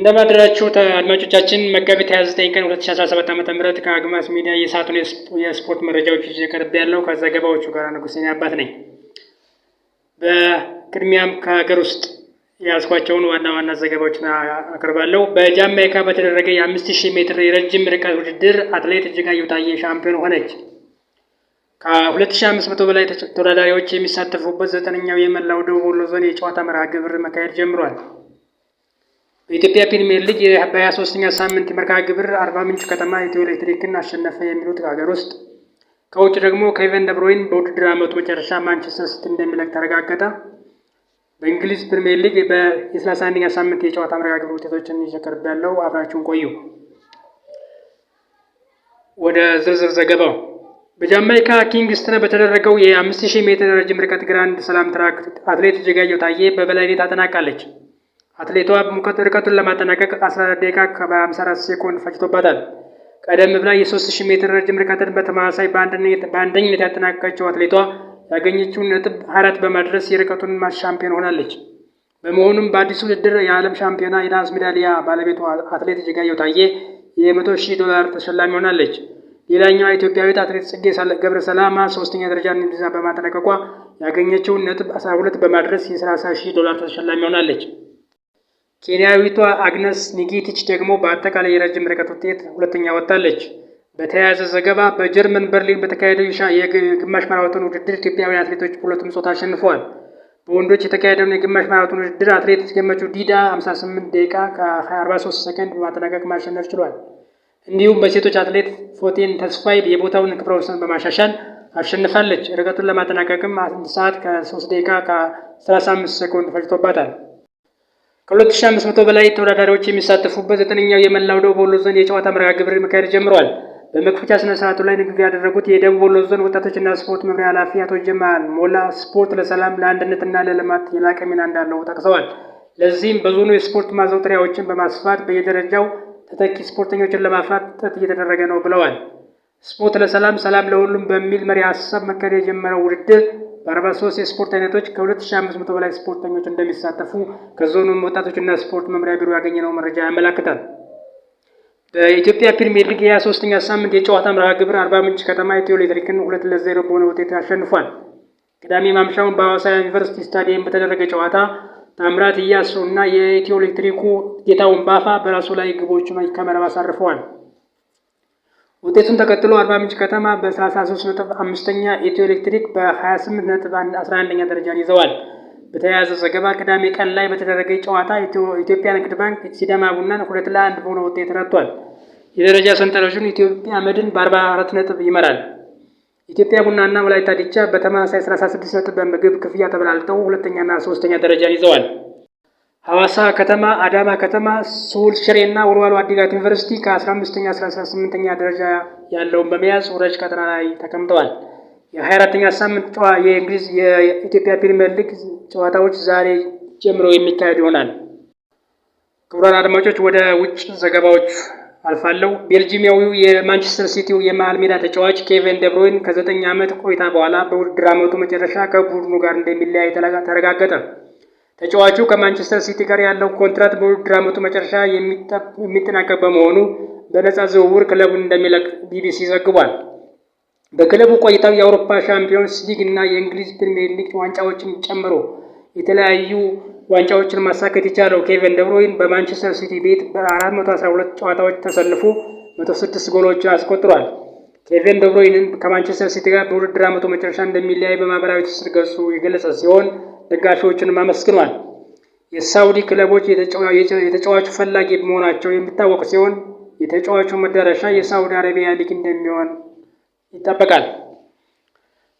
እንደማደራችሁ አድማጮቻችን መጋቢት 29 ቀን 2017 ዓ.ም ከአግማስ ሚዲያ የሰዓቱን የስፖርት መረጃዎች ይዤ ቀርብ ያለው ከዘገባዎቹ ጋር ንጉሴን አባት ነኝ። በቅድሚያም ከሀገር ውስጥ የያዝኳቸውን ዋና ዋና ዘገባዎች አቅርባለሁ። በጃማይካ በተደረገ የ5000 ሜትር የረጅም ርቀት ውድድር አትሌት እጅጋየሁ ታዬ ሻምፒዮን ሆነች። ከ2500 በላይ ተወዳዳሪዎች የሚሳተፉበት ዘጠነኛው የመላው ደቡብ ወሎ ዞን የጨዋታ መርሃ ግብር መካሄድ ጀምሯል። በኢትዮጵያ ፕሪሚየር ሊግ በ23ኛ ሳምንት መርካ ግብር አርባ ምንጭ ከተማ ኢትዮ ኤሌክትሪክን አሸነፈ። የሚሉት ከሀገር ውስጥ ከውጭ ደግሞ ኬቨን ደብሮይን በውድድር አመቱ መጨረሻ ማንቸስተር ሲቲ እንደሚለቅ ተረጋገጠ። በእንግሊዝ ፕሪሚየር ሊግ በ31ኛ ሳምንት የጨዋታ መርካ ግብር ውጤቶችን ይዘቀርብ ያለው አብራችሁን ቆዩ። ወደ ዝርዝር ዘገባው በጃማይካ ኪንግስተን በተደረገው የ5000 ሜትር ረጅም ርቀት ግራንድ ሰላም ትራክ አትሌት እጅጋየሁ ታዬ በበላይነት አጠናቃለች። አትሌቷ ሙቀት ርቀቱን ለማጠናቀቅ 14 ደቂቃ ከ54 ሴኮንድ ፈጅቶባታል። ቀደም ብላ የ3000 ሜትር ረጅም ርቀትን በተመሳሳይ በአንደኝነት ያጠናቀቀችው አትሌቷ ያገኘችውን ነጥብ 24 በማድረስ የርቀቱን ሻምፒዮን ሆናለች። በመሆኑም በአዲሱ ውድድር የዓለም ሻምፒዮና የነሐስ ሜዳሊያ ባለቤቱ አትሌት እጅጋየሁ ታዬ የ100 ሺህ ዶላር ተሸላሚ ሆናለች። ሌላኛዋ ኢትዮጵያዊት አትሌት ጽጌ ገብረ ሰላማ ሶስተኛ ደረጃን ይዛ በማጠናቀቋ ያገኘችውን ነጥብ 12 በማድረስ የ30 ሺህ ዶላር ተሸላሚ ሆናለች። ኬንያዊቷ አግነስ ኒጌቲች ደግሞ በአጠቃላይ የረጅም ርቀት ውጤት ሁለተኛ ወጥታለች። በተያያዘ ዘገባ በጀርመን በርሊን በተካሄደው የግማሽ ማራቶን ውድድር ኢትዮጵያውያን አትሌቶች በሁለቱም ጾታ አሸንፈዋል። በወንዶች የተካሄደውን የግማሽ ማራቶን ውድድር አትሌት ገመቹ ዲዳ 58 ደቂቃ ከ43 ሰከንድ በማጠናቀቅ ማሸነፍ ችሏል። እንዲሁም በሴቶች አትሌት ፎቴን ተስፋይ የቦታውን ክብረ ወሰን በማሻሻል አሸንፋለች። ርቀቱን ለማጠናቀቅም አንድ ሰዓት ከ3 ደቂቃ ከ35 ሰኮንድ ፈጅቶባታል። ከ2500 በላይ ተወዳዳሪዎች የሚሳተፉበት ዘጠነኛው የመላው ደቡብ ወሎ ዞን የጨዋታ መርሃ ግብር መካሄድ ጀምሯል። በመክፈቻ ስነ ስርዓቱ ላይ ንግግር ያደረጉት የደቡብ ወሎ ዞን ወጣቶችና ስፖርት መምሪያ ኃላፊ አቶ ጀማል ሞላ ስፖርት ለሰላም ለአንድነትና ለልማት የላቀ ሚና እንዳለው ጠቅሰዋል። ለዚህም በዞኑ የስፖርት ማዘውተሪያዎችን በማስፋት በየደረጃው ተተኪ ስፖርተኞችን ለማፍራት ጥረት እየተደረገ ነው ብለዋል። ስፖርት ለሰላም ሰላም ለሁሉም በሚል መሪ ሀሳብ መካሄድ የጀመረው ውድድር በአርባ ሶስት የስፖርት አይነቶች ከ2500 በላይ ስፖርተኞች እንደሚሳተፉ ከዞኑም ወጣቶችና ስፖርት መምሪያ ቢሮ ያገኘነው መረጃ ያመላክታል። በኢትዮጵያ ፕሪሚየር ሊግ የ23ኛ ሳምንት የጨዋታ መርሃ ግብር አርባ ምንጭ ከተማ ኢትዮ ኤሌክትሪክን ሁለት ለዜሮ በሆነ ውጤት አሸንፏል። ቅዳሜ ማምሻውን በሐዋሳ ዩኒቨርሲቲ ስታዲየም በተደረገ ጨዋታ ታምራት እያሱ እና የኢትዮ ኤሌክትሪኩ ጌታውን ባፋ በራሱ ላይ ግቦቹን ከመረብ አሳርፈዋል። ውጤቱን ተከትሎ አርባ ምንጭ ከተማ በ33 ነጥብ አምስተኛ ኢትዮ ኤሌክትሪክ በ28 ነጥብ 11ኛ ደረጃን ይዘዋል። በተያያዘ ዘገባ ቅዳሜ ቀን ላይ በተደረገ ጨዋታ ኢትዮጵያ ንግድ ባንክ ሲዳማ ቡናን ሁለት ለአንድ በሆነ ውጤት ረቷል። የደረጃ ሰንጠረዥን ኢትዮጵያ መድን በ44 ነጥብ ይመራል። ኢትዮጵያ ቡናና ወላይታ ዲቻ በተመሳሳይ 36 ነጥብ በምግብ ክፍያ ተበላልጠው ሁለተኛና ሶስተኛ ደረጃን ይዘዋል። ሐዋሳ ከተማ፣ አዳማ ከተማ፣ ሶል ሽሬ እና ወልዋሎ አዲግራት ዩኒቨርሲቲ ከ15ኛ እስከ 18ኛ ደረጃ ያለውን በመያዝ ወረጅ ቀጠና ላይ ተቀምጠዋል። የ24ኛ ሳምንት ጨዋ የእንግሊዝ የኢትዮጵያ ፕሪምየር ሊግ ጨዋታዎች ዛሬ ጀምሮ የሚካሄድ ይሆናል። ክቡራን አድማጮች ወደ ውጭ ዘገባዎች አልፋለሁ። ቤልጂሚያዊው የማንቸስተር ሲቲው የመሃል ሜዳ ተጫዋች ኬቨን ደብሮይን ከ9 ዓመት ቆይታ በኋላ በውድድር ዓመቱ መጨረሻ ከቡድኑ ጋር እንደሚለያይ ተረጋገጠ። ተጫዋቹ ከማንቸስተር ሲቲ ጋር ያለው ኮንትራት በውድድር ዓመቱ መጨረሻ የሚጠናቀቅ በመሆኑ በነፃ ዝውውር ክለቡን እንደሚለቅ ቢቢሲ ዘግቧል። በክለቡ ቆይታው የአውሮፓ ሻምፒዮንስ ሊግ እና የእንግሊዝ ፕሪምየር ሊግ ዋንጫዎችን ጨምሮ የተለያዩ ዋንጫዎችን ማሳከት የቻለው ኬቨን ደብሮይን በማንቸስተር ሲቲ ቤት በ412 ጨዋታዎች ተሰልፎ 106 ጎሎችን አስቆጥሯል። ኬቨን ደብሮይንን ከማንቸስተር ሲቲ ጋር በውድድር ዓመቱ መጨረሻ እንደሚለያይ በማህበራዊ ትስስር ገጹ የገለጸ ሲሆን ደጋፊዎችን አመስግኗል። የሳውዲ ክለቦች የተጫዋቹ ፈላጊ መሆናቸው የሚታወቅ ሲሆን የተጫዋቹ መዳረሻ የሳውዲ አረቢያ ሊግ እንደሚሆን ይጠበቃል።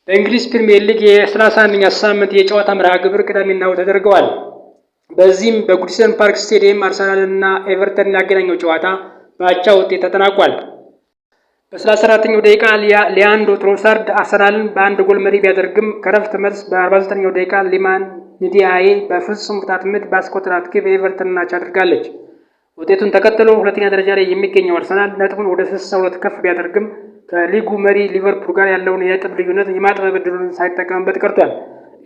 በእንግሊዝ ፕሪምየር ሊግ የ31ኛ ሳምንት የጨዋታ መርሃ ግብር ቅዳሜና እሁድ ተደርገዋል። በዚህም በጉዲሰን ፓርክ ስቴዲየም አርሰናልና ኤቨርተን ያገናኘው ጨዋታ በአቻ ውጤት ተጠናቋል። በ34ኛው ደቂቃ ሊያንድሮ ትሮሳርድ አርሰናልን በአንድ ጎል መሪ ቢያደርግም ከረፍት መልስ በ49ኛው ደቂቃ ሊማን ኒዲያዬ በፍጹም ቅጣት ምት ባስቆጠራት ግብ ኤቨርተንን ናች አድርጋለች። ውጤቱን ተከትሎ ሁለተኛ ደረጃ ላይ የሚገኘው አርሰናል ነጥቡን ወደ ሁለት ከፍ ቢያደርግም ከሊጉ መሪ ሊቨርፑል ጋር ያለውን የነጥብ ልዩነት የማጥበብ ዕድሉን ሳይጠቀምበት ቀርቷል።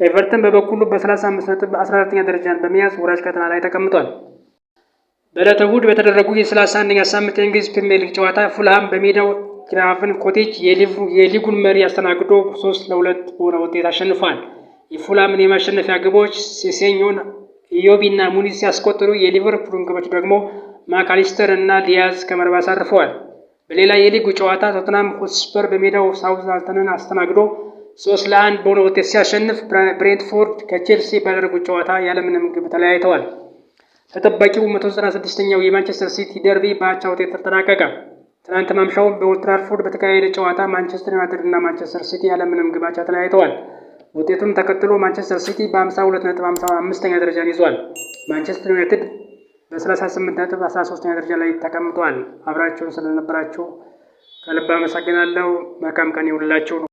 ኤቨርተን በበኩሉ በ35 ነጥብ 14ኛ ደረጃን በመያዝ ወራጅ ቀጠና ላይ ተቀምጧል። በዕለተ በተደረጉ የ31ኛ ሳምንት የእንግሊዝ ፕሪምየር ሊግ ጨዋታ ፉልሃም በሜዳው ግራፍን ኮቴጅ የሊጉን መሪ አስተናግዶ ሶስት ለሁለት በሆነ ውጤት አሸንፏል። የፉላምን የማሸነፊያ ግቦች ሴሴኞን ኢዮቢና ሙኒስ ሲያስቆጥሩ የሊቨርፑልን ግቦች ደግሞ ማካሊስተር እና ዲያዝ ከመረብ አሳርፈዋል። በሌላ የሊጉ ጨዋታ ቶትናም ሆትስፐር በሜዳው ሳውዝሃምፕተንን አስተናግዶ ሶስት ለአንድ በሆነ ውጤት ሲያሸንፍ ብሬንትፎርድ ከቼልሲ ባደረጉት ጨዋታ ያለምንም ግብ ተለያይተዋል። ተጠባቂው 196ኛው የማንቸስተር ሲቲ ደርቢ በአቻ ውጤት ተጠናቀቀ። ትናንት ማምሻው በኦልድ በተካሄደ ጨዋታ ማንቸስተር ዩናይትድ እና ማንቸስተር ሲቲ ያለምንም ግብ አቻ ተለያይተዋል። ውጤቱን ተከትሎ ማንቸስተር ሲቲ በ 55 ኛ ደረጃን ይዟል። ማንቸስተር ዩናይትድ በ 13 ኛ ደረጃ ላይ ተቀምጧል። አብራቸውን ስለነበራቸው ከልብ አመሰግናለሁ። መልካም ቀን ነው።